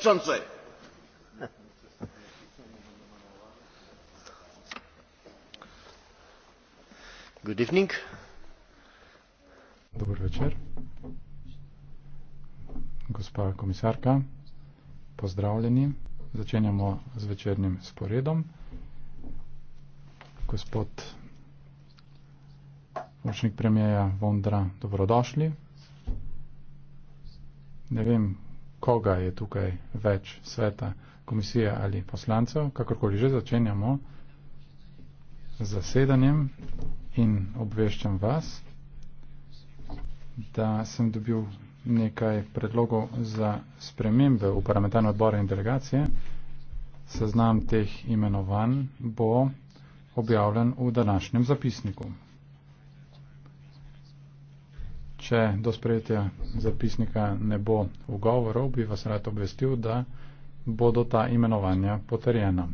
przewodniczący! Dobry wieczór. Gospa komisarka, pozdrawieni. Zaczynamy z wieczornym sporedom. Gospod pomocnik premiera Wondra, dobrodošli. Ne vem, koga je tukaj več sveta, komisije ali poslancev, kakorkoli že začenjamo z zasedanjem in obveščam vas, da sem dobil nekaj predlogov za spremembe v parlamentarne odbore in delegacije. Seznam teh imenovanj bo objavljen v današnjem zapisniku. Če do sprejetja zapisnika ne bo ugovorov, bi vas rad obvestil, da bodo ta imenovanja potrjena.